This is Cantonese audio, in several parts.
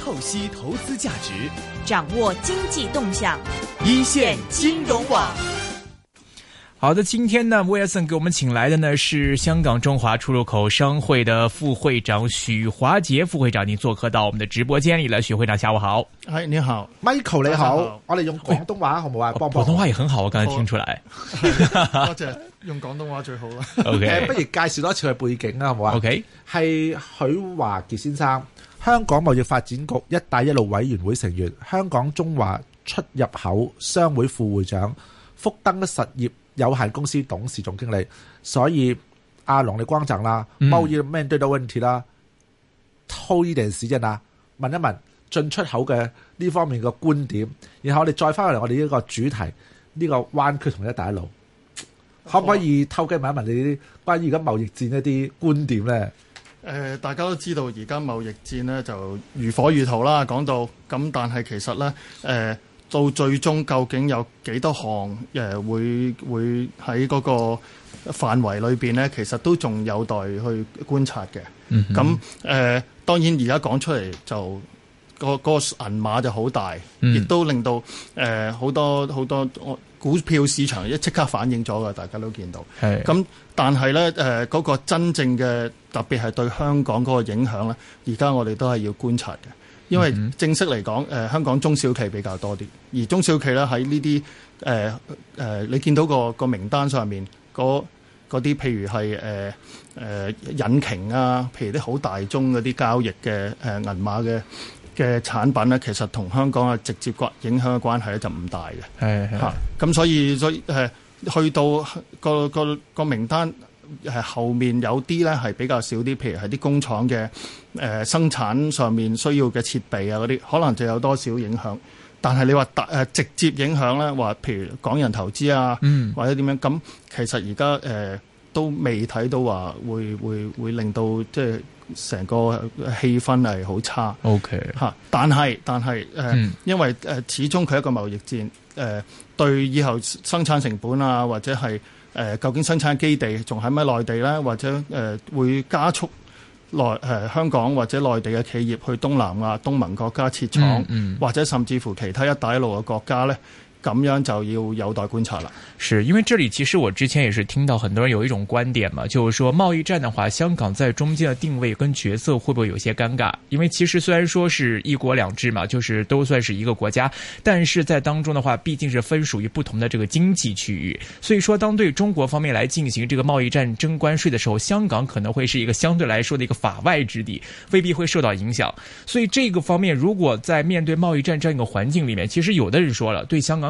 透析投資價值，掌握經濟動向，一線金融網。好的，今天呢 Wilson 給我們請來的呢是香港中華出入口商會的副會長許華杰。副會長，您做客到我們的直播間裏來。許會長，下午好。嗨、hey，你好，Michael，你好。好，我哋用廣東話好唔好啊？普通話也很好，我剛才聽出來。 多謝，用廣東話最好啦。Okay. OK，不如介紹多一次佢背景啦，好唔好？OK，係許華杰先生。香港貿易發展局“一帶一路”委員會成員、香港中華出入口商會副會長、福登的實業有限公司董事總經理，所以阿龍你光正啦，貿、嗯、易面對到問題啦，偷呢段時間啦，問一問進出口嘅呢方面嘅觀點，然後我哋再翻嚟我哋呢個主題呢、這個灣區同一帶一路，哦、可唔可以偷雞問一問你啲關於而家貿易戰的一啲觀點咧？誒、呃，大家都知道而家貿易戰呢就如火如荼啦。講到咁，但係其實呢，誒、呃，到最終究竟有幾多項誒會會喺嗰個範圍裏邊呢，其實都仲有待去觀察嘅。咁、嗯、誒、呃，當然而家講出嚟就個、那個銀碼就好大，亦、嗯、都令到誒好多好多，我。股票市場一即刻反映咗㗎，大家都見到。咁但係咧誒，嗰、呃嗰個真正嘅特別係對香港嗰個影響咧，而家我哋都係要觀察嘅。因為正式嚟講、呃，香港中小企比較多啲，而中小企咧喺呢啲誒、呃呃、你見到個名單上面嗰啲，譬如係誒、呃呃、引擎啊，譬如啲好大宗嗰啲交易嘅誒、呃、銀碼嘅。嘅產品咧，其實同香港嘅直接關影響嘅關係咧就唔大嘅，嚇咁、啊、所以所以誒去到個個個名單係後面有啲咧係比較少啲，譬如係啲工廠嘅誒、呃、生產上面需要嘅設備啊嗰啲，可能就有多少影響。但係你話特誒直接影響咧，話譬如港人投資啊，嗯、或者點樣咁，其實而家誒都未睇到話會會會令到即係。成個氣氛係好差，OK 嚇，但係但係誒，呃嗯、因為誒始終佢係一個貿易戰，誒、呃、對以後生產成本啊，或者係誒、呃、究竟生產基地仲喺唔喺內地咧，或者誒、呃、會加速內誒、呃、香港或者內地嘅企業去東南亞、東盟國家設廠，嗯嗯、或者甚至乎其他一帶一路嘅國家咧。咁樣就要有待觀察了是，是因為這裏其實我之前也是聽到很多人有一種觀點嘛，就是說貿易戰的話，香港在中間的定位跟角色會不會有些尷尬？因為其實雖然說是一國兩制嘛，就是都算是一個國家，但是在當中的話，畢竟是分屬於不同的這個經濟區域，所以說當對中國方面來進行這個貿易戰徵關稅的時候，香港可能會是一個相對來說的一個法外之地，未必會受到影響。所以這個方面如果在面對貿易戰這樣一個環境裏面，其實有的人說了，對香港。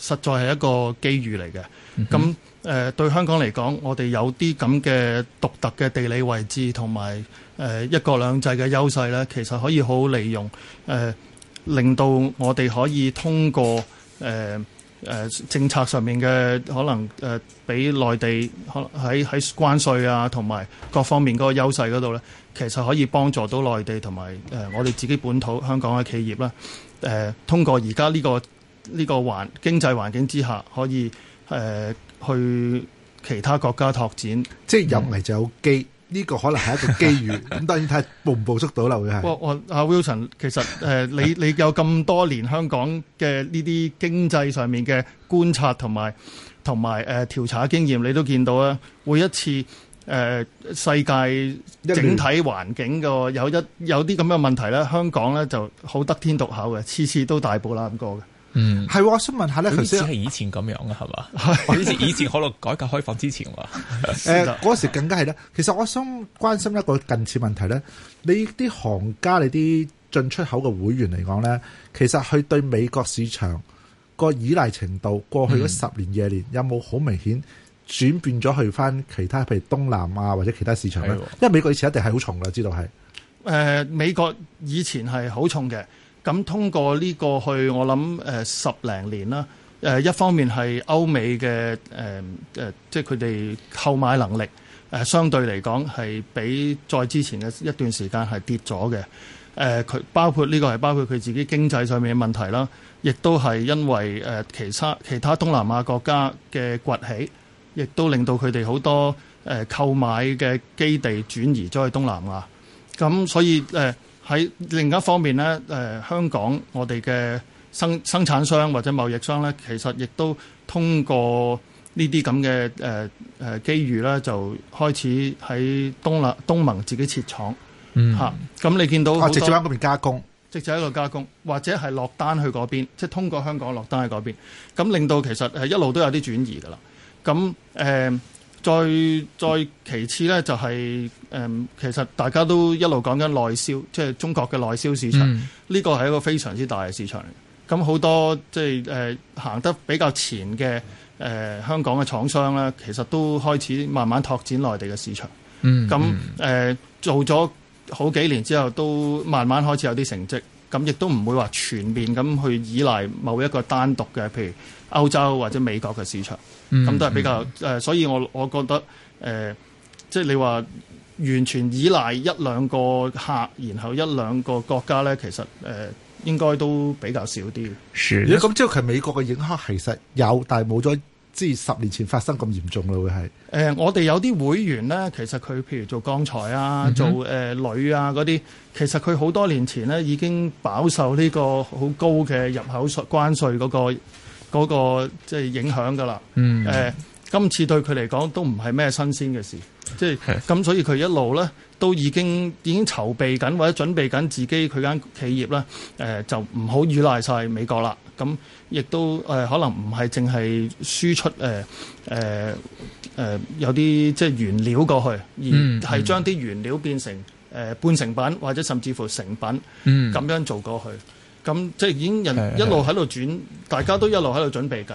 實在係一個機遇嚟嘅，咁誒、嗯哼呃、對香港嚟講，我哋有啲咁嘅獨特嘅地理位置同埋誒一國兩制嘅優勢呢，其實可以好好利用，誒、呃、令到我哋可以通過誒誒、呃呃、政策上面嘅可能誒，俾、呃、內地可能喺喺關稅啊同埋各方面嗰個優勢嗰度呢，其實可以幫助到內地同埋誒我哋自己本土香港嘅企業啦，誒、呃、通過而家呢個。呢、這個環經濟環境之下，可以誒、呃、去其他國家拓展，即係入嚟就有機。呢、嗯這個可能係一個機遇，咁 當然睇下捕唔捕捉到嚟嘅。我我阿 Wilson，其實誒、呃、你你有咁多年香港嘅呢啲經濟上面嘅觀察同埋同埋誒調查經驗，你都見到啦。每一次誒、呃、世界整體環境嘅有一有啲咁嘅問題咧，香港咧就好得天獨厚嘅，次次都大步攬過嘅。嗯，係，我想問一下咧，頭先以前係 以前咁樣嘅係嘛？以前以前可能改革開放之前話，誒、 呃，嗰 時更加係咧。其實我想關心一個近似問題咧，你啲行家，你啲進出口嘅會員嚟講咧，其實佢對美國市場個依賴程度，過去的十年，廿年、廿、嗯、年有冇好明顯轉變咗去翻其他，譬如東南亞或者其他市場咧？因為美國以前一定係好重噶，知道係？誒、呃，美國以前係好重嘅。咁通過呢個去，我諗誒、呃、十零年啦。誒、呃、一方面係歐美嘅誒、誒，即係佢哋購買能力誒、呃，相對嚟講係比再之前嘅一段時間係跌咗嘅。誒、呃、佢包括呢個係包括佢自己經濟上面嘅問題啦，亦都係因為誒、呃、其他其他東南亞國家嘅崛起，亦都令到佢哋好多誒、呃、購買嘅基地轉移咗去東南亞。咁所以誒。呃喺另一方面呢，誒、呃、香港我哋嘅生生產商或者貿易商呢，其實亦都通過呢啲咁嘅誒誒機遇咧，就開始喺東南東盟自己設廠嚇。咁、嗯啊、你見到、啊、直接喺嗰邊加工，直接喺度加工，或者係落單去嗰邊，即係通過香港落單去嗰邊，咁令到其實係一路都有啲轉移噶啦。咁誒。呃再再其次呢，就係誒，其實大家都一路講緊內銷，即係中國嘅內銷市場，呢個係一個非常之大嘅市場。咁好多即係誒行得比較前嘅誒香港嘅廠商呢，其實都開始慢慢拓展內地嘅市場。嗯，咁誒做咗好幾年之後，都慢慢開始有啲成績。咁亦都唔會話全面咁去依賴某一個單獨嘅，譬如歐洲或者美國嘅市場，咁、嗯、都係比較、嗯呃、所以我我覺得、呃、即係你話完全依賴一兩個客，然後一兩個國家咧，其實誒、呃、應該都比較少啲。咁即係其實美國嘅影響其實有，但係冇咗。即係十年前發生咁嚴重啦、呃，會係我哋有啲會員咧，其實佢譬如做鋼材啊、做誒、呃、鋁啊嗰啲，其實佢好多年前呢已經飽受呢個好高嘅入口稅關稅嗰、嗰個嗰即係影響㗎啦。誒、嗯呃，今次對佢嚟講都唔係咩新鮮嘅事，即係咁，所以佢一路咧。都已經已經籌備緊或者準備緊自己佢間企業啦、呃，就唔好倚賴晒美國啦。咁亦都、呃、可能唔係淨係輸出誒誒誒有啲即係原料過去，而係將啲原料變成誒、呃、半成品或者甚至乎成品咁、嗯、樣做過去。咁即係已經人一路喺度轉，係係係大家都一路喺度準備緊。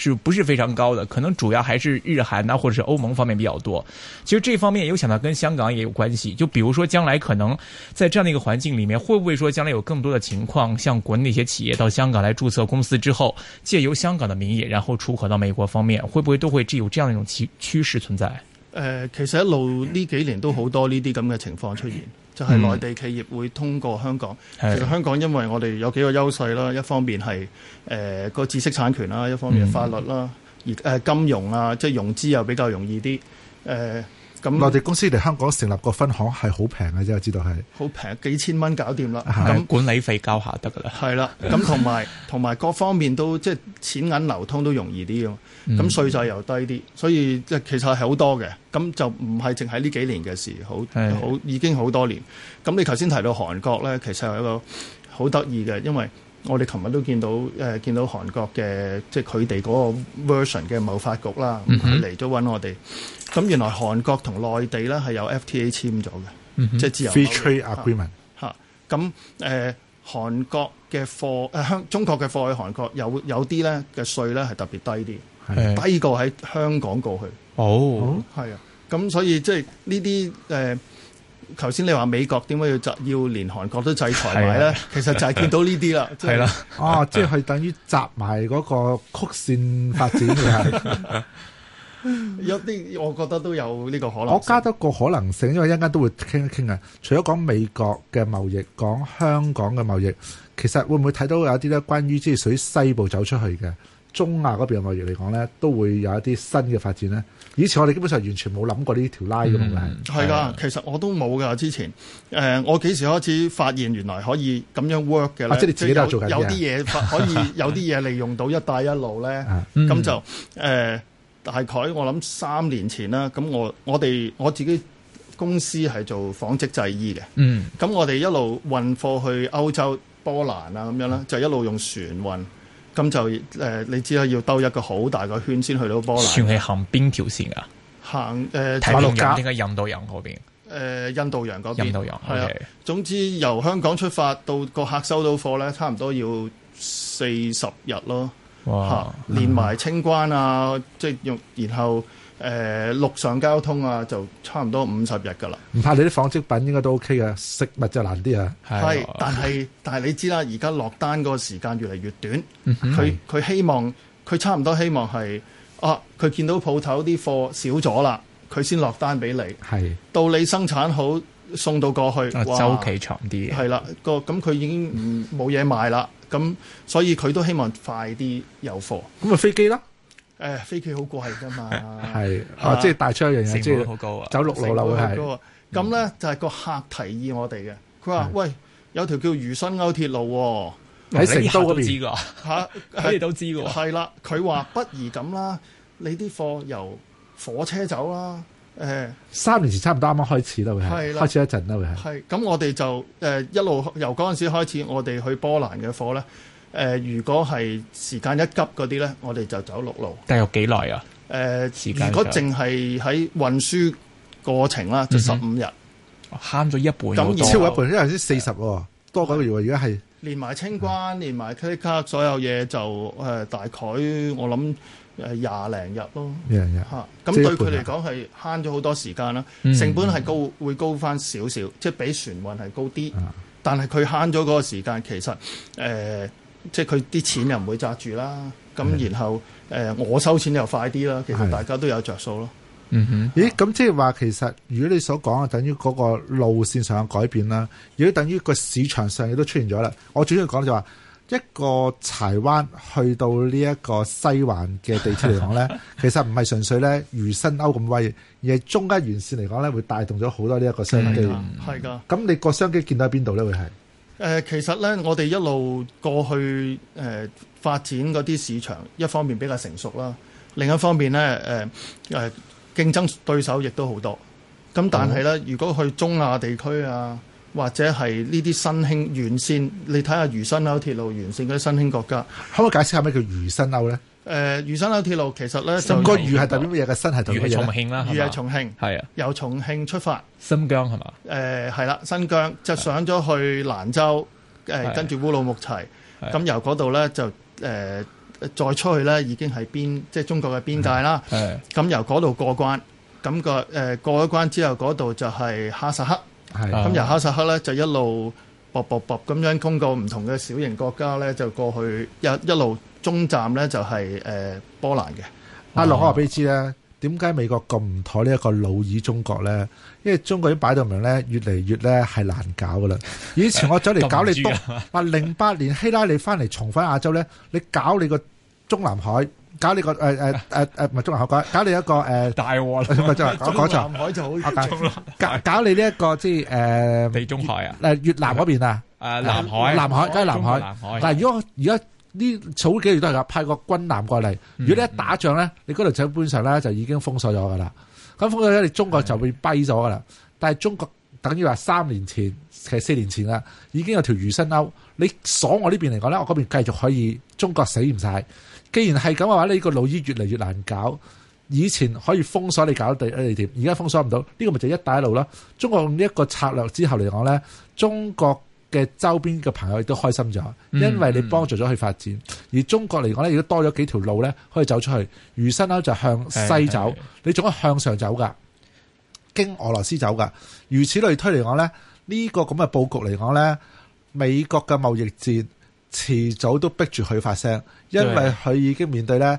是不是非常高的？可能主要還是日韓呐、啊，或者是歐盟方面比較多。其實這方面有想到跟香港也有關係。就比如說將來可能在這樣的一個環境裏面，會不會說將來有更多的情況，像國內一些企業到香港來注冊公司之後，借由香港的名義，然後出口到美國方面，會不會都會有這樣一種趨趨勢存在？呃，其實一路呢幾年都好多呢，啲咁嘅情況出現。就係內地企業會通過香港。嗯、其實香港因為我哋有幾個優勢啦，一方面係誒個知識產權啦，一方面係法律啦，嗯、而誒、呃、金融啊，即係融資又比較容易啲誒。呃那內地公司嚟香港成立個分行係好平嘅啫，我知道係。好平，幾千蚊搞掂啦，咁的那管理費交下得噶啦。係啦的，咁同埋同埋各方面都即係錢銀流通都容易啲啊，嘛、嗯。咁稅制又低啲，所以即係其實係好多嘅，咁就唔係淨喺呢幾年嘅事，好好的已經好多年。咁你頭先提到韓國咧，其實係一個好得意嘅，因為。我哋琴日都見到，誒、呃、見到韓國嘅即係佢哋嗰個 version 嘅貿發局啦，佢嚟咗揾我哋。咁原來韓國同內地咧係有 FTA 簽咗嘅、嗯，即係自由 Free Trade Agreement 貿易協議。嚇咁誒，韓國嘅貨誒香、啊、中國嘅貨去韓國有有啲咧嘅稅咧係特別低啲，低過喺香港過去。哦，係啊，咁所以即係呢啲誒。呃頭先你話美國，點解要集要連韓國都制裁埋咧？啊、其實就係見到呢啲啦，係啦、啊，啊、哦，即係等於集埋嗰個曲線發展嘅， 有啲我覺得都有呢個可能性。我加多個可能性，因為一陣間都會傾一傾啊。除咗講美國嘅貿易，講香港嘅貿易，其實會唔會睇到有啲咧？關於即係水西部走出去嘅中亞嗰邊嘅貿易嚟講咧，都會有一啲新嘅發展咧。以前我哋基本上完全冇諗過呢條 line 咁嘅，係噶、嗯是，其實我都冇噶。之前，誒、呃，我幾時開始發現原來可以咁樣 work 嘅？即係你自己都做緊有啲嘢可以， 有啲嘢利用到一帶一路咧，咁、嗯、就誒、呃，大概我諗三年前啦。咁我我哋我自己公司係做紡織製衣嘅，咁、嗯、我哋一路運貨去歐洲、波蘭啊咁樣啦，嗯、就一路用船運。咁就誒、呃，你知啦，要兜一個好大個圈先去到波蘭。算係行邊條線啊？行誒馬六甲點解、呃、印度洋嗰邊？印度洋嗰邊。印度洋係啊。Okay. 總之由香港出發到個客收到貨咧，差唔多要四十日咯。哇！連埋清關啊，嗯、即係用然後。誒、呃、陸上交通啊，就差唔多五十日㗎啦。唔怕你啲紡織品應該都 OK 嘅，食物就難啲啊。係、哦，但係但係你知啦，而家落單個時間越嚟越短，佢、嗯、佢希望佢差唔多希望係啊，佢見到舖頭啲貨少咗啦，佢先落單俾你。係到你生產好送到過去，哦、周期長啲。係啦，個咁佢已經唔冇嘢賣啦，咁、嗯、所以佢都希望快啲有貨。咁咪飛機啦。誒飛機好貴㗎嘛，係即係帶出一樣嘢，即係、啊啊、走六路會係。咁呢、啊嗯、就係個客提議我哋嘅，佢、嗯、話、嗯：喂，有條叫渝新歐鐵路喎、哦，喺成都嗰邊，嚇，你哋都知㗎？係、啊、啦，佢話不如咁啦，你啲貨由火車走啦、啊 啊。三年前差唔多啱啱開始啦，佢係開始一陣啦，佢係。係咁，我哋就、呃、一路由嗰陣時候開始，我哋去波蘭嘅貨呢。誒、呃，如果係時間一急嗰啲呢，我哋就走陸路。但係幾耐啊？誒、呃，時間如果淨係喺運輸過程啦、嗯，就十五日，慳咗一,一半。咁少一半，因為先四十喎。多幾個月，而家係連埋清關、連埋其他所有嘢，就大概我諗誒廿零日囉。咁對佢嚟講係慳咗好多時間啦、啊嗯。成本係高、嗯，會高返少少，即係比船運係高啲、嗯，但係佢慳咗嗰個時間，其實誒。呃即係佢啲錢又唔會紮住啦，咁然後誒、呃、我收錢又快啲啦，其實大家都有着數咯。嗯哼，咦，咁即係話其實如果你所講啊，等於嗰個路線上嘅改變啦，如果等於個市場上亦都出現咗啦。我主要講就話一個柴灣去到呢一個西環嘅地鐵嚟講咧， 其實唔係純粹咧如新歐咁威，而係中間沿線嚟講咧會帶動咗好多呢一個商機。係噶。咁你個商機見到喺邊度咧？會係？誒、呃、其實咧，我哋一路過去誒、呃、發展嗰啲市場，一方面比較成熟啦，另一方面咧誒誒競爭對手亦都好多。咁但係咧、嗯，如果去中亞地區啊，或者係呢啲新興沿線，你睇下渝新歐鐵路沿線嗰啲新興國家，可唔可以解釋下咩叫渝新歐咧？誒、呃，渝新歐鐵路其實咧，個渝係代表乜嘢？個新係代表乜嘢？渝係重慶啦，係嘛？係啊，由重慶出發，新疆係嘛？誒、呃，係啦，新疆就上咗去蘭州，誒、呃，跟住烏魯木齊，咁由嗰度咧就誒、呃、再出去咧，已經係邊，即係中國嘅邊界啦。咁由嗰度過關，咁、那個誒、呃、過咗關之後，嗰度就係哈薩克，係咁由哈薩克咧就一路卜卜卜咁樣通過唔同嘅小型國家咧，就過去一一路。中站咧就係、是呃、波蘭嘅，阿羅可話俾你知咧，點解美國咁唔妥呢一個老二中國咧？因為中國已經擺到明咧，越嚟越咧係難搞噶啦。以前我走嚟搞你東，嗱零八年希拉里翻嚟重返亞洲咧，你搞你個中南海，搞你個誒誒誒誒唔係中南海，搞搞你一個誒大鑊啦，搞、呃、 中南海就好 南海 搞搞你呢、這、一個即係誒地中海啊，越南嗰邊啊、呃，南海，南海梗係南，南，南，南海，但如果如果。呢早咗幾個月都係㗎，派個軍艦過嚟。如果你一打仗咧，你嗰度就基本上咧就已經封鎖咗㗎啦。咁封鎖咧，你中國就會跛咗㗎啦。但係中國等於話三年前其實四年前啦，已經有條魚身勾。你鎖我呢邊嚟講咧，我嗰邊繼續可以中國死唔晒。既然係咁嘅話，呢個老醫越嚟越難搞。以前可以封鎖你搞地地點，而家封鎖唔到。呢、這個咪就一帶一路咯。中國用呢一個策略之後嚟講咧，中國嘅周邊嘅朋友亦都開心咗，因為你幫助咗佢發展、嗯嗯。而中國嚟講咧，亦都多咗幾條路咧可以走出去。渝新歐就向西走，你總係向上走噶，經俄羅斯走噶，如此類推嚟講咧，呢、呢個咁嘅佈局嚟講咧，美國嘅貿易戰遲早都逼住佢發聲，因為佢已經面對咧。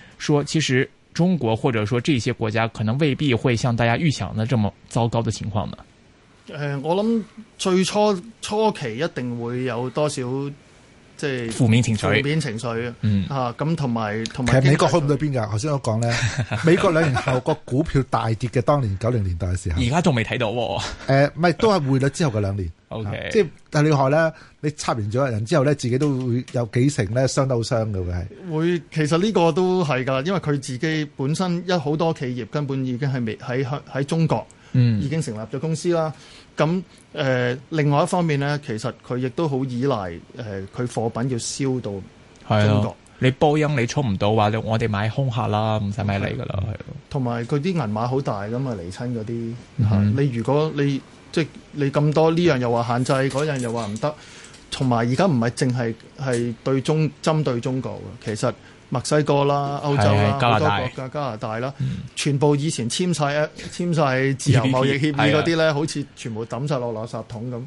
說其實中國或者說這些國家可能未必會像大家預想的這麼糟糕的情況呢。誒，我諗最初初期一定會有多少。即係負面情緒，負面情緒，嗯，咁同埋同埋其實美國去唔到邊㗎？頭先我講咧，美國兩年後個股票大跌嘅，當年九零 年代嘅時候。而家仲未睇到喎、啊？唔、呃、係都係匯率之後嘅兩年。 啊、o、okay、K，、啊、即係但你話咧，你插完咗人之後咧，自己都會有幾成咧傷得好傷嘅會係會，其實呢個都係㗎，因為佢自己本身一好多企業根本已經係未喺喺中國，已經成立咗公司啦。嗯咁誒、呃，另外一方面咧，其實佢亦都好依賴誒，佢、呃、貨品要銷到中國。對你波音你出唔到話，你我哋買空客啦，唔使買嚟噶啦。係咯，同埋佢啲銀碼好大噶嘛，嚟親嗰啲、嗯。你如果你即、即係、你咁多呢樣又話限制，嗰樣又話唔得，同埋而家唔係淨係係對中針對中國嘅，其實。墨西哥啦、歐洲啦、加好多國嘅加拿大啦，嗯、全部以前簽晒簽晒自由貿易協議嗰啲咧， 的好似全部抌晒落垃圾桶咁。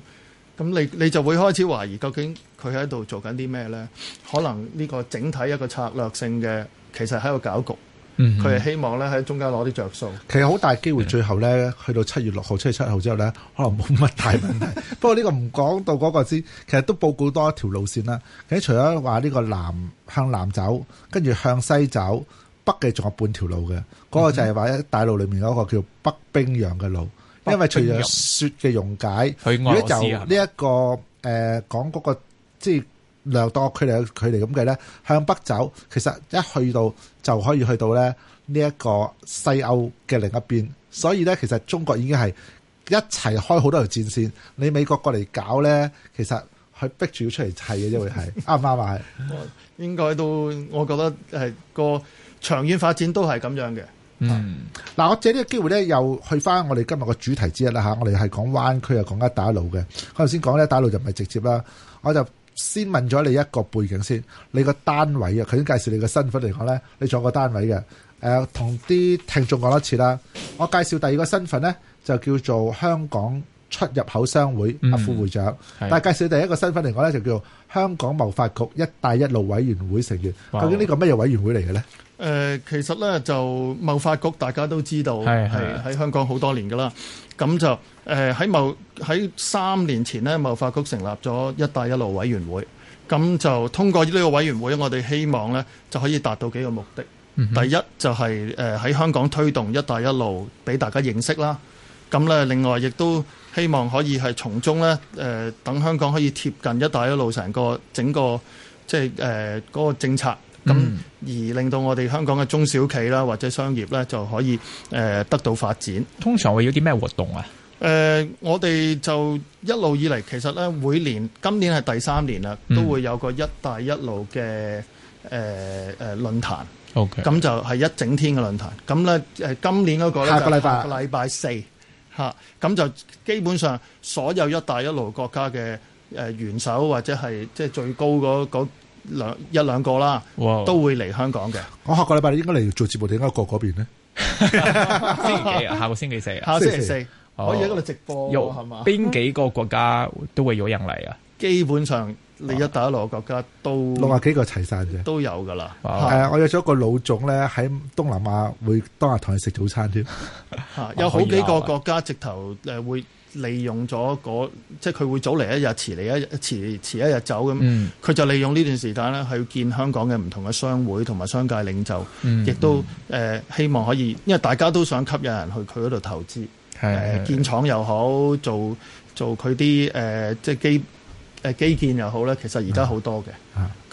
咁你你就會開始懷疑，究竟佢喺度做緊啲咩咧？可能呢個整體一個策略性嘅，其實喺度搞局。佢、嗯、係希望咧喺中間攞啲着數，其實好大機會最後咧，去到七月六號、七月七號之後咧，可能冇乜大問題。 不過呢個唔講到嗰個先，其實都報告多一條路線啦。其實除咗話呢個南向南走，跟住向西走，北嘅仲有半條路嘅。嗰、嗯那個就係話喺大陸裡面嗰個叫北冰洋嘅路洋，因為隨著雪嘅溶解，啊、如果就呢一個誒、呃、講嗰、那個即係。量多距離距離咁嘅，咧，向北走其實一去到就可以去到咧呢一個西歐嘅另一邊，所以咧其實中國已經係一齊開好多條戰線。你美國過嚟搞咧，其實佢逼住要出嚟砌嘅， 因為係啱唔啱啊？係應該都，我覺得係個長遠發展都係咁樣嘅。嗯，嗱、啊，我借呢個機會咧，又去翻我哋今日個主題之一啦、啊、我哋係講灣區啊，講緊打路嘅。我頭先講咧打路就唔係直接啦，我就。先問咗你一個背景先，你，單你，你個單位啊，佢已經介紹你個身份嚟講呢。你仲有個單位嘅，誒，同啲聽眾講多次啦。我介紹第二個身份呢，就叫做香港出入口商會，嗯、副會長。但係介紹第一個身份嚟講呢，就叫做香港貿發局一帶一路委員會成員。究竟呢個乜嘢委員會嚟嘅呢？誒、嗯，其實呢，就貿發局大家都知道，係喺香港好多年噶啦。咁就誒喺貿喺三年前咧，貿發局成立咗一帶一路委員會，咁就通過呢個委員會，我哋希望咧就可以達到幾個目的。嗯、第一就係誒喺香港推動一帶一路，俾大家認識啦。咁咧，另外亦都希望可以係從中咧誒等香港可以貼近一帶一路成個整個即係誒嗰個政策。咁、嗯、而令到我哋香港嘅中小企啦，或者商業咧，就可以誒、呃、得到發展。通常會有啲咩活動啊？誒、呃、我哋就一路以嚟，其實咧每年今年係第三年啦、嗯，都會有一個「一帶一路」嘅誒誒論壇 O K. 咁就係一整天嘅論壇，咁咧誒今年嗰個咧就係、是、下個禮拜個禮拜四吓，咁、啊、就基本上所有一帶一路國家嘅誒、呃、元首或者係即係最高嗰嗰。那個兩一兩個啦，wow. 都會嚟香港嘅。我、哦、下個禮拜你應該嚟做節目，點解過嗰邊呢？星期啊，下個星期四，下星期四可以喺嗰度直播、啊，係嘛？邊幾個國家都會有人嚟啊？基本上，你一帶一路嘅國家都、wow. 六十幾個齊晒啫，都有噶啦。誒、wow. 啊，我約咗個老總咧喺東南亞會當日同你食早餐添、啊。 有好幾個國家直頭誒會。利用咗嗰即係佢會早嚟一日，遲嚟一日遲，遲一日走咁，佢、嗯、就利用呢段時間咧去見香港嘅唔同嘅商會同埋商界領袖，亦、嗯嗯、都、呃、希望可以，因為大家都想吸引人去佢嗰度投資，呃、建廠又好，做做佢啲、呃、即係基、呃、基建又好咧，其實而家好多嘅。咁、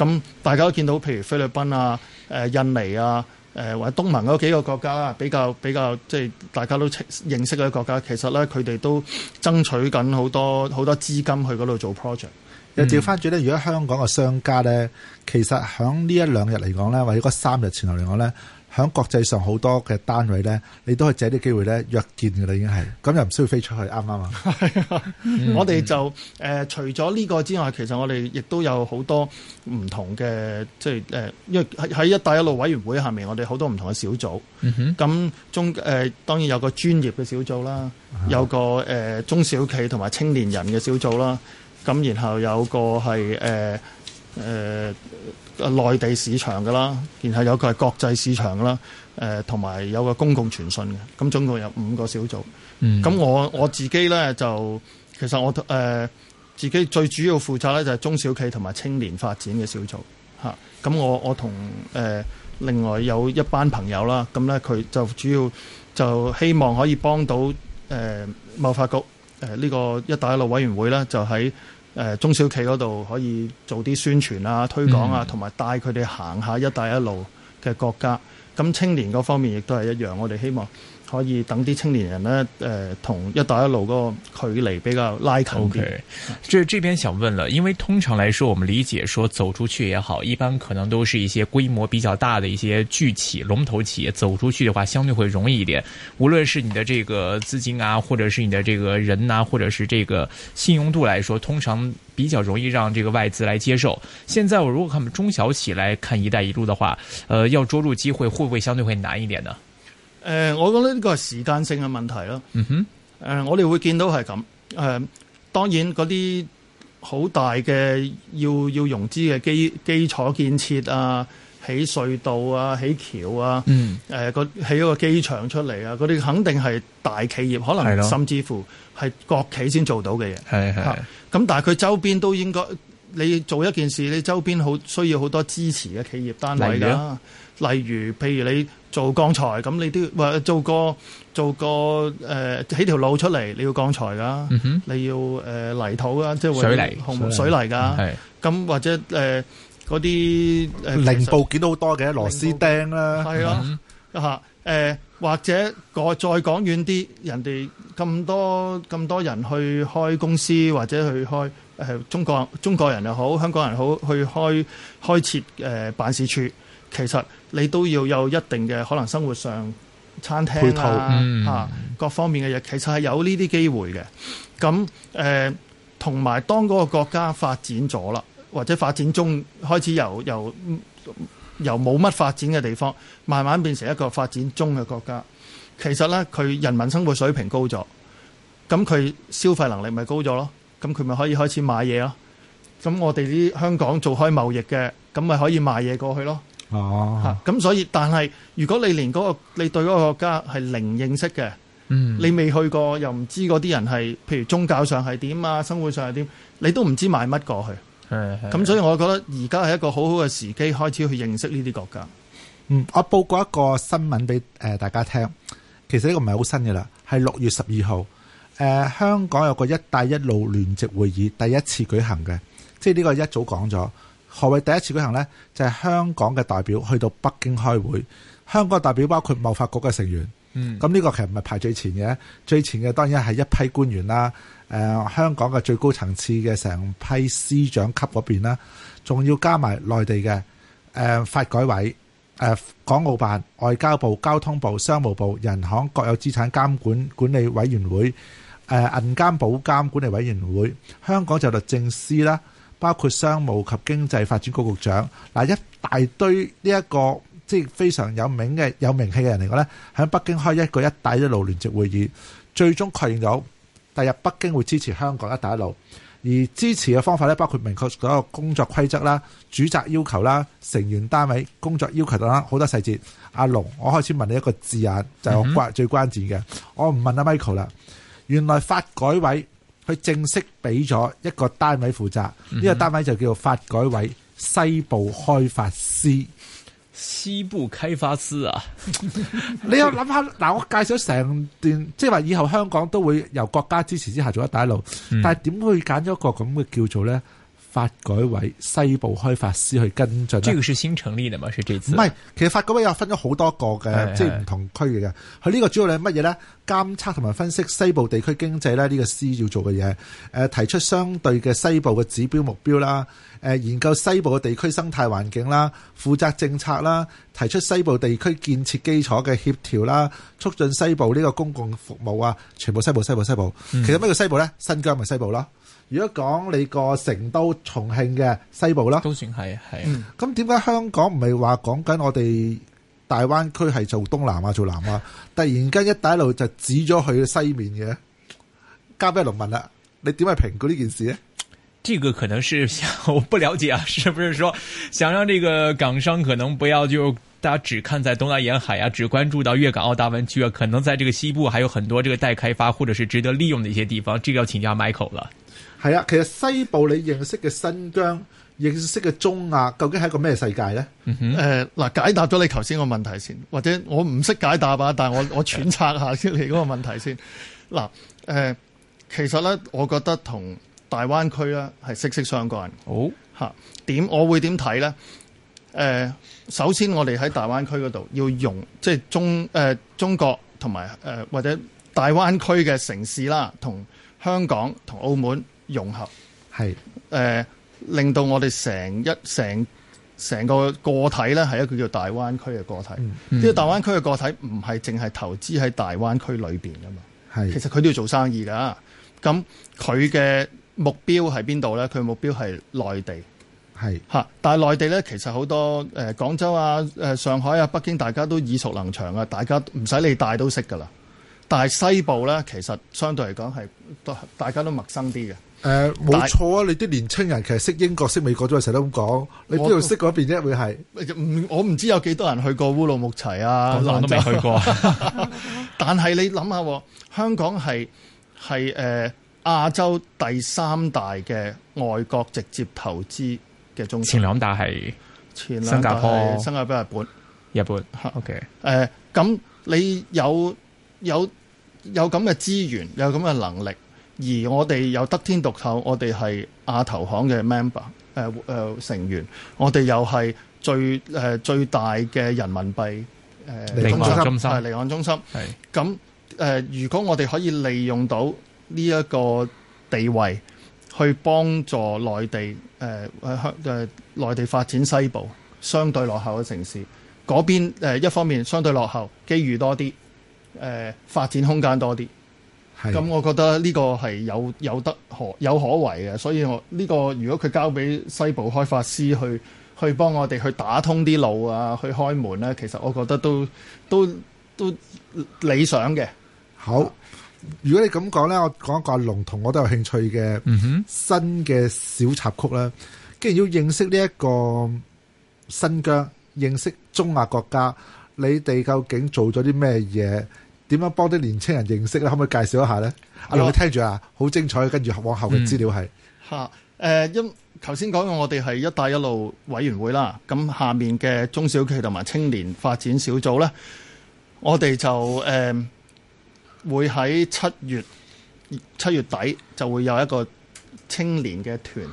嗯嗯、大家都見到，譬如菲律賓啊、呃、印尼啊。誒或者東盟嗰幾個國家比較比較，即係大家都認識嘅國家，其實咧佢哋都爭取緊好多好多資金去嗰度做 project。又調翻轉咧，如果香港嘅商家咧，其實喺呢一兩日嚟講咧，或者嗰三日前後嚟講咧。喺國際上好多嘅單位咧，你都可以借啲機會咧約見㗎啦，已經係咁又唔需要飛出去，啱唔啱啊？係啊，我哋就誒、呃、除咗呢個之外，其實我哋亦都有好多唔同嘅即係誒、呃，因為喺一帶一路委員會下面，我哋好多唔同嘅小組。咁、嗯、中誒、呃、當然有個專業嘅小組啦，有個誒、呃、中小企同埋青年人嘅小組啦。咁然後有個係誒誒。呃呃內地市場㗎啦，然後有個係國際市場㗎啦，誒同埋有個公共傳訊嘅，咁總共有五個小組。咁、嗯、我我自己呢，就其實我誒、呃、自己最主要負責呢，就係中小企同埋青年發展嘅小組嚇。咁、啊、我我同誒、呃、另外有一班朋友啦，咁呢，佢就主要就希望可以幫到誒、呃、貿發局誒呢個一帶一路委員會呢，就喺。誒、呃、中小企嗰度可以做啲宣傳啊、推廣啊，同埋帶佢哋行下一帶一路嘅國家。咁青年嗰方面亦都係一樣，我哋希望。可以等啲青年人呢，呃，同一帶一路嗰個距離比較拉近啲。Okay, 這這這邊想問了，因為通常來說，我們理解說走出去也好，一般可能都是一些規模比較大的一些巨企、龍頭企業走出去的話，相對會容易一點。無論是你的這個資金啊，或者是你的這個人啊，或者是這個信用度來說，通常比較容易讓這個外資來接受。現在我如果看中小企業來看一帶一路的話，呃，要捉住機會，會不會相對會難一點呢？誒、呃，我覺得呢個係時間性嘅問題咯。誒、嗯呃，我哋會見到係咁。誒、呃，當然嗰啲好大嘅要要融資嘅基基礎建設啊，起隧道啊，起橋啊。嗯。誒、呃，起一個機場出嚟啊，嗰啲肯定係大企業，可能甚至乎係國企先做到嘅嘢。係係。咁、啊、但係佢周邊都應該。你做一件事，你周邊好需要好多支持嘅企業單位㗎，例如，例如譬如你做鋼材，咁你都要，或做個做個誒、呃、起條路出嚟，你要鋼材㗎、嗯，你要誒、呃、泥土啊，即係水泥水泥㗎，咁、嗯、或者誒嗰啲零部件都好多嘅，螺絲釘啦、啊，嚇誒、嗯啊呃，或者再講遠啲，人哋咁多咁多人去開公司或者去開。中國中國人又好，香港人也好去開開設誒、呃、辦事處，其實你都要有一定嘅可能。生活上餐廳啊，配套啊、嗯，各方面嘅嘢，其實係有呢啲機會嘅。咁誒同埋當嗰個國家發展咗啦，或者發展中開始由由由冇乜發展嘅地方，慢慢變成一個發展中嘅國家。其實呢，佢人民生活水平高咗，咁佢消費能力咪高咗咯。咁佢咪可以開始買嘢咯？咁我哋啲香港做開貿易嘅，咁咪可以賣嘢過去咯。哦、啊，咁所以，但係如果你連嗰、那個、你對嗰個國家係零認識嘅，嗯，你未去過又唔知嗰啲人係，譬如宗教上係點啊，生活上係點，你都唔知買乜過去。係係。咁所以，我覺得而家係一個好好嘅時機，開始去認識呢啲國家。嗯，我報過一個新聞俾大家聽，其實呢個唔係好新嘅啦，係六月十二號。誒、呃，香港有個一帶一路聯席會議，第一次舉行嘅，即係呢個一早講咗。何謂第一次舉行呢？就係、是、香港嘅代表去到北京開會。香港代表包括貿發局嘅成員，咁、嗯、呢個其實唔係排最前嘅，最前嘅當然係一批官員啦、呃。香港嘅最高層次嘅成批司長級嗰邊啦，仲要加埋內地嘅、呃、發改委、呃、港澳辦、外交部、交通部、商務部、人行、國有資產監管管理委員會。誒銀監保監管理委員會，香港就律政司啦，包括商務及經濟發展局局長嗱，一大堆呢、這、一個即係非常有名嘅有名氣嘅人嚟講呢喺北京開一個一帶一路聯席會議，最終確認咗第日北京會支持香港一帶一路，而支持嘅方法咧包括明確一個工作規則啦、主責要求啦、成員單位工作要求啦好多細節。阿龍，我開始問你一個字眼，就係、是、我關最關鍵嘅、嗯，我唔問阿 Michael 啦。原來發改委佢正式俾咗一個單位負責，呢、嗯這個單位就叫做發改委西部開發司。西部開發司啊， 你有諗下？嗱， 我介紹成段，即係話以後香港都會由國家支持之下做一帶一路、嗯，但係點會揀咗一個咁嘅叫做咧？發改委西部開發司去跟進，呢個是新成立嘅嘛？是這次？唔係，其實發改委有分咗好多個嘅，即係唔同區域嘅。佢呢個主要咧係乜嘢咧？監測同埋分析西部地區經濟咧呢個司要做嘅嘢，誒、呃，提出相對嘅西部嘅指標目標啦，誒、呃，研究西部嘅地區生態環境啦，負責政策啦，提出西部地區建設基礎嘅協調啦，促進西部呢個公共服務啊，全部西部，西部，西部，嗯、西部，西部。其實咩叫西部咧？新疆咪西部咯？如果講你個成都、重慶嘅西部啦，都算係係。咁點解香港唔係話講緊我哋大灣區係做東南啊做南啊突然間一帶路就指咗去西面嘅，交俾農民啦、啊。你點嚟評估呢件事呢？這個可能是想我不了解啊，是不是說想讓這個港商可能不要就？大家只看在東南沿海啊，只關注到粵港澳大灣區啊，可能在這個西部還有很多這個待開發或者是值得利用的一些地方，這個要請教 Michael 了。係啊，其實西部你認識嘅新疆、認識嘅中亞，究竟係一個咩世界咧？誒、嗯，嗱、呃，解答咗你頭先個問題先，或者我唔識解答啊但係我 我揣測下先你嗰個問題先。嗱，誒、呃，其實咧，我覺得同大灣區咧係息息相關。好、哦、吓，點、啊、我會點睇咧？誒、呃，首先我哋喺大灣區度要融，即係中誒、呃、中國同埋誒或者大灣區嘅城市啦，同香港同澳門融合，係誒、呃、令到我哋成一成成個個體咧係一個叫大灣區嘅個體。呢、嗯嗯，這個大灣區嘅個體唔係淨係投資喺大灣區裏邊噶嘛，係其實佢都要做生意噶。咁佢嘅目標係邊度咧？佢目標係內地。係吓，但係內地咧，其實好多誒呃、廣州啊、誒、呃、上海啊、北京，大家都耳熟能詳啊，大家唔使理大都識噶啦。但係西部咧，其實相對嚟講係都大家都陌生啲嘅。誒、呃，冇錯啊！你啲年青人其實識英國、識美國都係成日都咁講。你邊度識嗰邊啫？會係唔？我唔知有幾多人去過烏魯木齊啊，我都未去過。 但係你諗下，香港係係誒亞洲第三大嘅外國直接投資。前兩大係新加坡、新加坡、日本、日本。O、okay、K。誒、呃，咁你有有有咁嘅資源，有咁嘅能力，而我哋有得天獨厚，我哋係亞投行嘅 member，誒、呃、誒、呃、成員，我哋又係最誒、呃、最大嘅人民幣誒、呃、離岸中心，係離岸中心。係咁誒，如果我哋可以利用到呢一個地位。去幫助內地誒誒內地發展西部相對落後嘅城市，嗰邊、呃、一方面相對落後，機遇多啲，誒、呃、發展空間多啲。咁我覺得呢個係有有得可有，有可為嘅。所以我呢、呢個如果佢交俾西部開發司去去幫我哋去打通啲路啊，去開門呢、啊，其實我覺得都都都理想嘅。好。如果你咁講咧，我講一個阿龍同我都有興趣嘅新嘅小插曲啦。既然要認識呢一個新疆，認識中亞國家，你哋究竟做咗啲咩嘢？點樣幫啲年青人認識咧？可唔可以介紹一下咧？嗯、阿龍，你聽住啊，好精彩！跟住往後嘅資料係吓，誒、嗯啊呃，因頭先講嘅我哋係一帶一路委員會啦，咁下面嘅中小企同埋青年發展小組咧，我哋就誒。呃會喺七月，七月底就會有一個青年嘅團，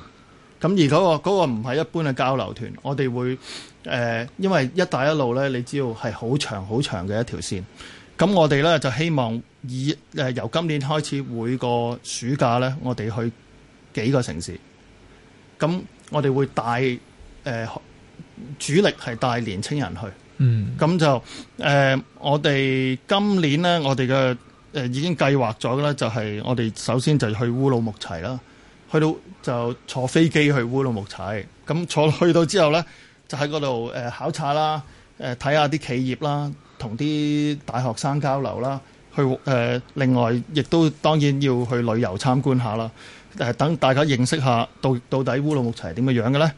咁而嗰、嗰個、嗰個唔係一般嘅交流團，我哋會誒、呃，因為一帶一路呢，你知道係好長好長嘅一條線，咁我哋呢，就希望以誒、呃、由今年開始每個暑假呢，我哋去幾個城市，咁我哋會帶誒、呃、主力係帶年青人去，嗯，咁就誒我哋今年呢，我哋嘅誒已經計劃咗嘅呢，就係我哋首先就去烏魯木齊啦。去到就坐飛機去烏魯木齊，咁坐去到之後呢，就喺嗰度考察啦，睇下啲企業啦，同啲大學生交流啦，去誒、呃、另外亦都當然要去旅遊參觀下啦。等大家認識下到到底烏魯木齊點嘅樣嘅呢？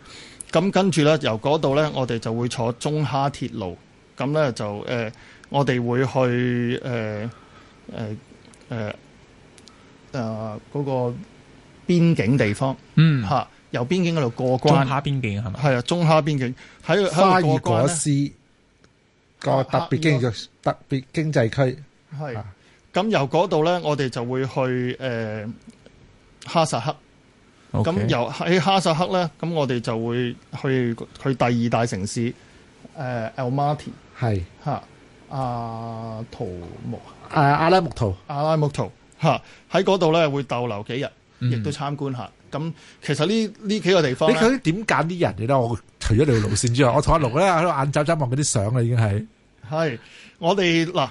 咁跟住呢，由嗰度呢，我哋就會坐中哈鐵路，咁呢，就、呃、誒我哋會去誒。呃誒誒誒，呃呃那個邊境地方，嗯吓、啊，由邊境度過關中哈邊境係咪係啊，中哈邊境喺霍爾果斯個、啊、特別經濟、啊、特別經濟區係咁。啊、那由度咧，我哋就會去誒、呃、哈薩克。咁、okay. 由喺哈薩克咧，咁我哋就會去去第二大城市誒 Almaty 係吓阿圖木。呃誒、啊，阿拉木圖、啊，阿拉木圖，吓喺嗰度咧會逗留幾日，亦都參觀下。咁、嗯、其實呢呢幾個地方你佢點揀啲人嚟我除咗你路線之外，我同阿路咧喺度眼眨眨望啲相啦，已經係。係我哋嗱，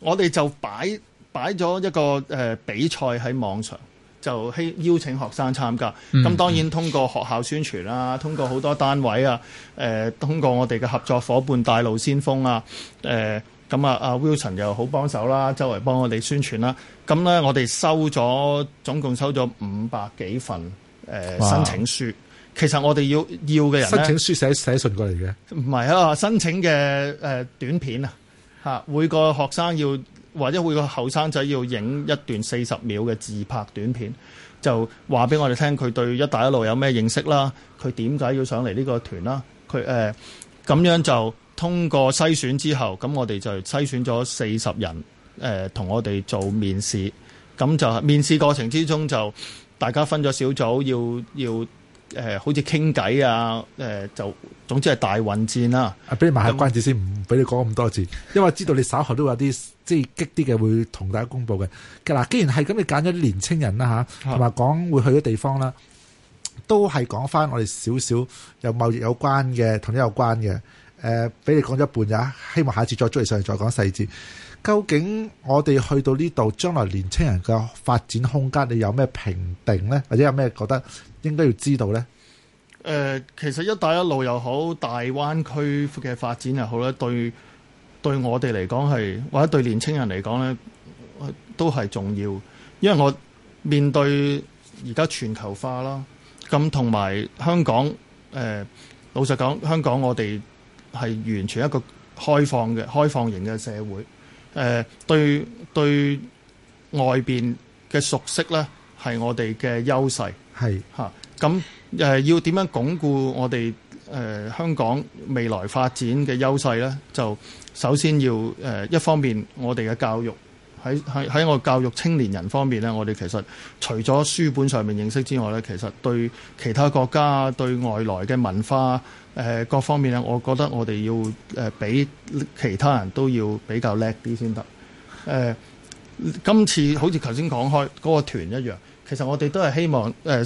我哋就擺擺咗一個誒、呃、比賽喺網上，就希邀請學生參加。咁當然通過學校宣傳啦，通過好多單位啊，誒、呃，通過我哋嘅合作伙伴大陸先鋒啊，誒、呃。咁啊，阿 Wilson 又好幫手啦，周圍幫我哋宣傳啦。咁咧，我哋收咗總共收咗五百幾份、呃、申請書。其實我哋要要嘅人申請書寫寫信過嚟嘅，唔係啊申請嘅、呃、短片啊吓，每個學生要或者每個後生仔要影一段四十秒嘅自拍短片，就話俾我哋聽佢對一帶一路有咩認識啦，佢點解要上嚟呢個團啦，佢、呃、咁樣就。通過篩選之後，咁我哋就篩選咗四十人，誒、呃，同我哋做面試，咁就面試過程之中就大家分咗小組，要要誒、呃，好似傾偈啊，誒、呃，就總之係大混戰啦。啊，俾你埋下關子先，唔俾你講咁多字，因為知道你稍後都有啲即係激啲嘅會同大家公布嘅。嗱，既然係咁，你揀咗啲年青人啦吓，同埋講會去嘅地方啦，是都係講翻我哋少少有貿易有關嘅，同你有關嘅。誒、呃，俾你講一半也，希望下次再追嚟上嚟再講細節。究竟我哋去到呢度，將來年青人嘅發展空間，你有咩評定呢？或者有咩覺得應該要知道呢？誒、呃，其實一帶一路又好，大灣區嘅發展又好咧，對對我哋嚟講係，或者對年青人嚟講咧，都係重要。因為我面對而家全球化啦，咁同埋香港誒、呃，老實講，香港我哋。係完全一個開放嘅開放型嘅社會，誒、呃、對，對外邊嘅熟悉呢，係我哋嘅優勢，係吓，咁、啊呃、要點樣鞏固我哋、呃、香港未來發展嘅優勢呢？就首先要、呃、一方面，我哋嘅教育喺喺喺我教育青年人方面呢，我哋其實除咗書本上面認識之外呢，其實對其他國家對外來嘅文化。呃、各方面咧，我覺得我哋要誒、呃、比其他人都要比較叻啲先得。今次好似頭先講開嗰個團一樣，其實我哋都係希望、呃、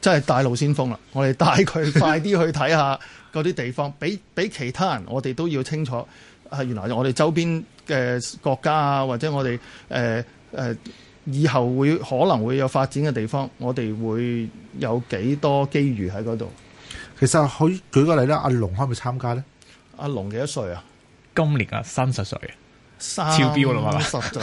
真係帶路先鋒啦。我哋帶佢快啲去睇下嗰啲地方， 比比其他人，我哋都要清楚。啊、原來我哋周邊嘅國家啊，或者我哋、呃呃、以後會可能會有發展嘅地方，我哋會有幾多機遇喺嗰度。其實佢舉個例咧，阿龍可唔可以參加咧？阿龍幾多歲啊？今年啊，三十歲，超標啦嘛，十咗。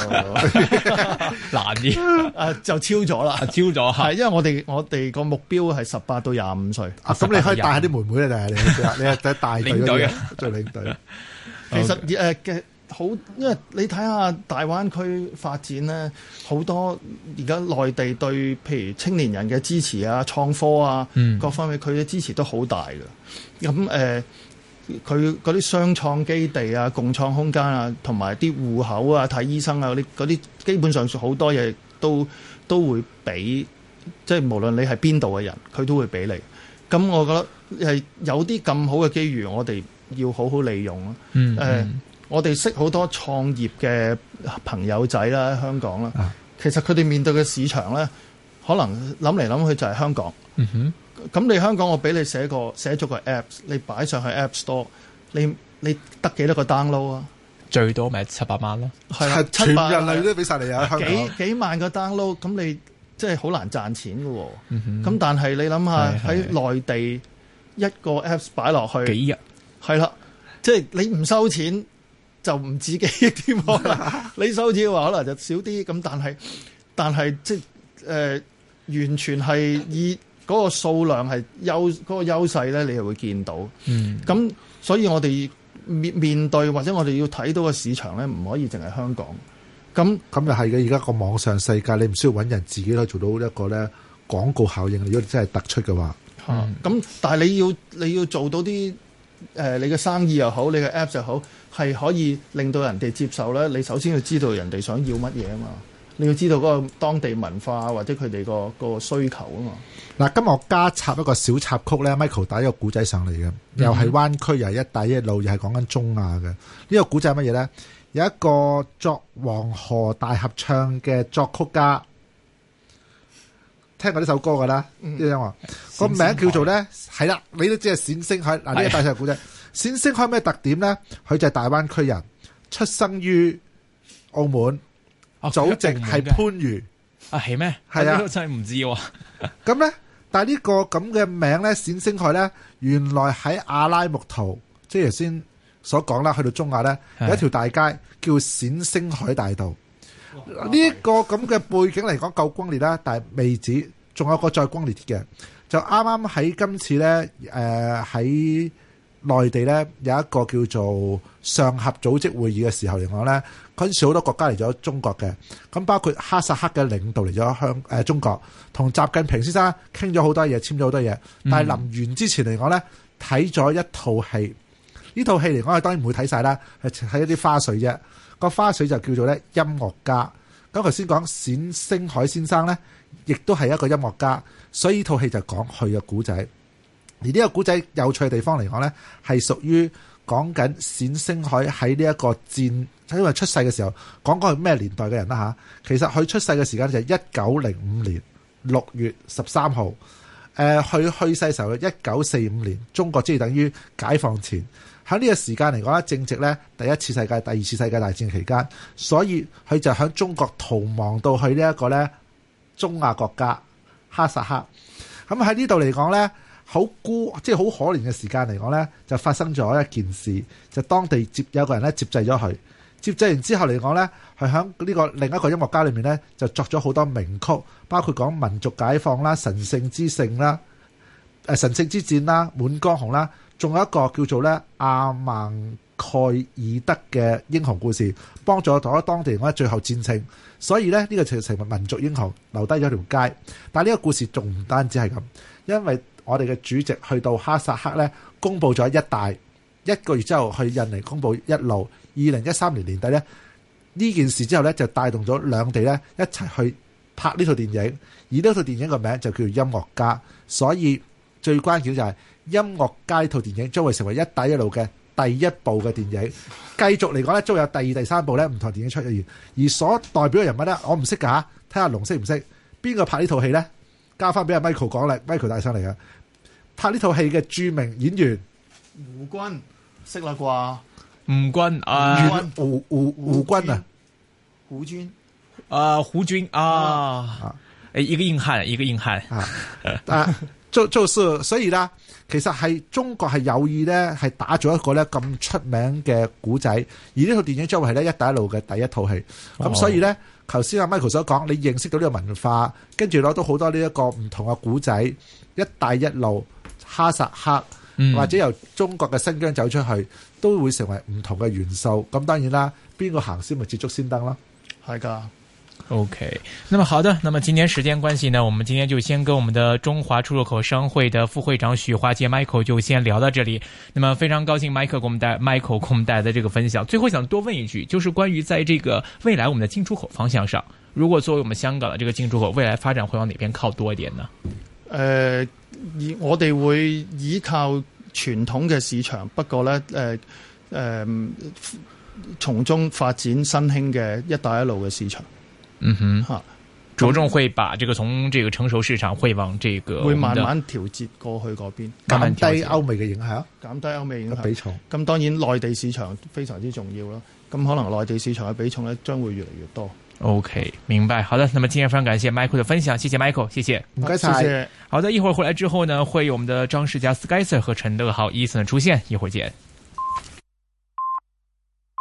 難以？誒、 呃，就超咗啦，超咗係，因為我哋我哋個目標係十八到廿五歲，咁、啊啊、你可以帶下啲妹妹咧，就係你，你阿仔帶隊嘅，做 領隊。其實誒嘅。呃好，因為你睇下大灣區發展呢，好多而家內地對譬如青年人嘅支持啊、創科啊，嗯、各方面佢嘅支持都好大嘅。咁、嗯、誒，佢嗰啲雙創基地啊、共創空間啊，同埋啲戶口啊、睇醫生啊嗰啲，啲基本上好多嘢都都會俾，即係無論你係邊度嘅人，佢都會俾你。咁我覺得係有啲咁好嘅機遇，我哋要好好利用咯。嗯，誒。我哋識好多創業嘅朋友仔啦，香港啦、啊，其實佢哋面對嘅市場咧，可能諗嚟諗去就係香港。嗯、哼，咁你香港我俾你寫個寫咗個 apps，你擺上去 app store，你你得幾多個 download 啊？最多咪、啊、七,七百萬咯，係，全人類都俾曬你啊！香港幾幾萬個 download，咁你即係好難賺錢㗎喎、啊。咁、嗯、但係你諗下喺內地一個 apps 擺落去幾日？係啦、啊，即係你唔收錢。就唔自己添可能，你手指嘅話可能就少啲，咁但係但係即係誒，完全係以嗰個數量係優嗰、嗰個優勢咧，你又會見到。咁、嗯、所以我哋面面對或者我哋要睇到嘅市場咧，唔可以淨係香港。咁咁又係嘅，而家個網上世界你唔需要揾人自己都做到一個咧廣告效應。如果你真係突出嘅話，咁、嗯嗯、但係你要你要做到啲。呃、你嘅生意又好，你嘅 app 又好，係可以令到人哋接受咧。你首先要知道人哋想要乜嘢啊嘛，你要知道嗰個當地文化或者佢哋、嗰個需求啊嘛。嗱，今日我加插一個小插曲咧，Michael 打一個古仔上嚟嘅，又係灣區，又係一帶一路，又係講緊中亞嘅。呢個、故呢個古仔係乜嘢咧？有一個作黃河大合唱嘅作曲家。聽過呢首歌噶啦，呢樣啊個名叫做咧係啦，你都知係冼星海嗱，呢個大細古仔。冼星海咩特點咧？佢就係大灣區人，出生於澳門，啊、祖籍係番禺啊？係咩？係啊，真係唔知。咁咧，但係呢個咁嘅名咧，冼星海咧，原來喺阿拉木圖，即係頭先所講啦，去到中亞咧，有一條大街叫冼星海大道。呢、呢個咁嘅背景嚟講夠轟烈啦，但係未止。仲有個再轟烈啲嘅，就啱啱喺今次呢。呃、喺內地呢，有一個叫做上合組織會議嘅時候嚟講呢，嗰時好多國家嚟咗中國嘅，咁包括哈薩克嘅領導嚟咗香呃、中國，同習近平先生傾咗好多嘢，簽咗好多嘢。但係臨完之前嚟講呢，睇咗一套戲，呢套戲嚟講係當然唔會睇晒啦，係睇一啲花絮啫。個花絮就叫做呢，音樂家。咁頭先講冼星海先生呢。亦都係一個音樂家，所以套戲就講佢嘅古仔。而呢個古仔有趣嘅地方嚟講呢，係屬於講緊冼星海喺呢一個戰，因為出世嘅時候講講佢咩年代嘅人啦？嚇，其實佢出世嘅時間就係一九零五年六月十三號。誒、呃，佢去世嘅時候，一九四五年，中國即係等於解放前。喺呢個時間嚟講呢，正值呢第一次世界、第二次世界大戰期間，所以佢就喺中國逃亡到去呢一個呢。中亞國家哈薩克咁喺呢度嚟講呢，好孤即係好可憐嘅時間嚟講呢，就發生咗一件事，就當地接有個人呢接濟咗佢接濟完之後嚟講呢，佢喺呢個另一個音樂家裏面呢，就作咗好多名曲，包括講民族解放啦、神聖之聖啦、呃、神聖之戰啦、滿江紅啦，仲有一個叫做呢阿曼。蓋爾德嘅英雄故事，幫助咗當地人咧，最後戰勝，所以咧呢個就成為民族英雄，留低咗條街。但係呢個故事仲唔單止係咁，因為我哋嘅主席去到哈薩克咧，公布咗一帶一個月之後去印尼公布一路二零一三年年底咧呢件事之後咧，就帶動咗兩地咧一齊去拍呢套電影，而呢套電影嘅名就叫做《音樂家》，所以最關鍵就係《音樂家》呢套電影將會成為一帶一路嘅。第一部嘅電影，繼續嚟講咧，都有第二、第三部咧，唔同電影出現，而所代表嘅人物咧，我唔識噶吓，睇下龍識唔識邊個拍這呢套戲咧？交翻俾阿 Michael 講嚟。Michael 帶上嚟嘅，拍呢套戲嘅著名演員胡軍，識啦啩？胡軍、呃、啊，啊，胡胡胡軍啊，胡軍啊，胡軍啊，誒，一個硬漢，一個硬漢啊，啊，就、 啊、就是所以啦。其實係中國係有意咧，係打造一個咧咁出名嘅古仔，而呢套電影將會係咧一帶一路嘅第一套戲。咁、oh. 所以咧，頭先阿 Michael 所講，你認識到呢個文化，跟住攞到好多呢一個唔同嘅古仔，一帶一路哈薩克、mm. 或者由中國嘅新疆走出去，都會成為唔同嘅元素。咁當然啦，邊個行先咪捷足先登啦，係噶。OK，那麼好的，那麼今天時間關係呢，我們今天就先跟我們的中華出入口商會的副會長許華杰 Michael 就先聊到這裏。那麼非常高興 Michael 給我們帶 Michael 給我們帶來的這個分享。最後想多問一句，就是關於在這個未來我們的進出口方向上，如果作為我們香港的這個進出口，未來發展會往哪邊靠多一點呢？呃，以，我哋會依靠傳統嘅市場，不過呢，呃呃從中發展新興嘅“一帶一路”嘅市場。嗯哼吓，着重會把這個從這個成熟市場會往這個會慢慢調節過去嗰邊，減低歐美嘅影響，減低歐美嘅影響、啊、比重。咁當然內地市場非常之重要咯，咁可能內地市場嘅比重呢將會越嚟越多。OK，明白。好的，那麼，今天非常感謝 Michael 的分享，謝謝 Michael，謝謝唔該晒，謝謝。好的，一會兒回來之後呢，會有我們的張世嘉、Sky Sir 和陳德豪、Eason 出現，一會兒見。